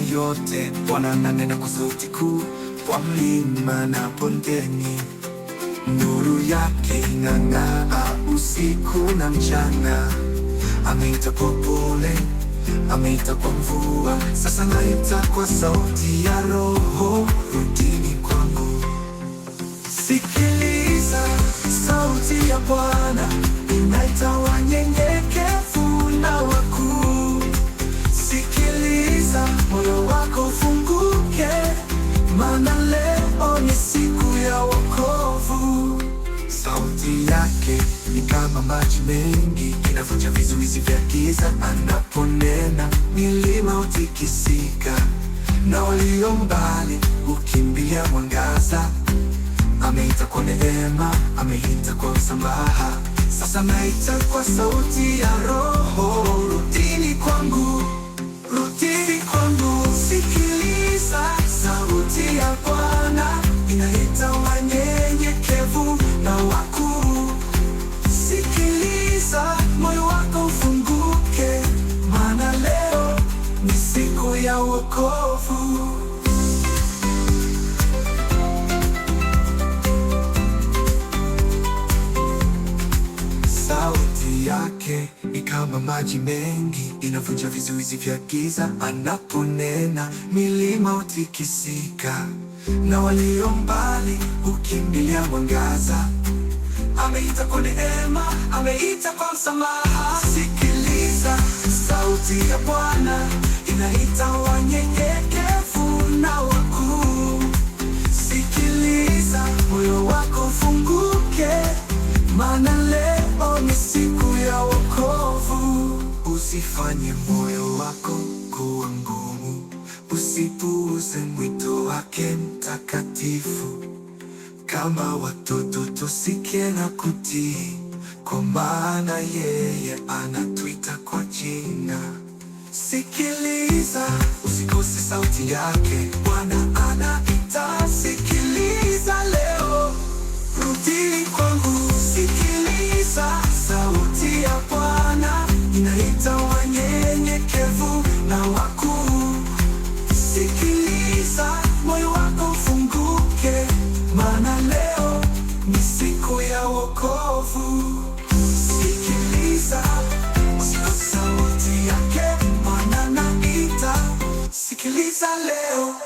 yote, Bwana ananena kwa sauti kuu kwa mlima na bondeni. Nuru yake ingangaa usiku na mchana. Ameita kwa pole, ameita kwa mvua, sasa naita kwa sauti ya Roho, rudini Maana leo ni siku ya wokovu. Sauti yake ni kama maji mengi, inavunja vizuizi vya giza. Anaponena milima hutikisika, na walio mbali hukimbia mwangaza. Ameita kwa neema, ameita kwa msamaha, sasa ameita kwa sauti ya Roho. ya wokovu. Sauti yake ni kama maji mengi, inavunja vizuizi vya giza. Anaponena milima utikisika na walio mbali hukimbilia mwangaza. Ameita kwa neema, ameita kwa msamaha. Sikiliza sauti ya Bwana. ufunguke, maana leo ni siku ya wokovu. Usifanye moyo wako kuwa ngumu, usipuuze mwito wake mtakatifu. Kama watoto tusikie na kutii, kwa maana yeye anatuita kwa jina. Sikiliza, usikose sauti yake. sikiliza leo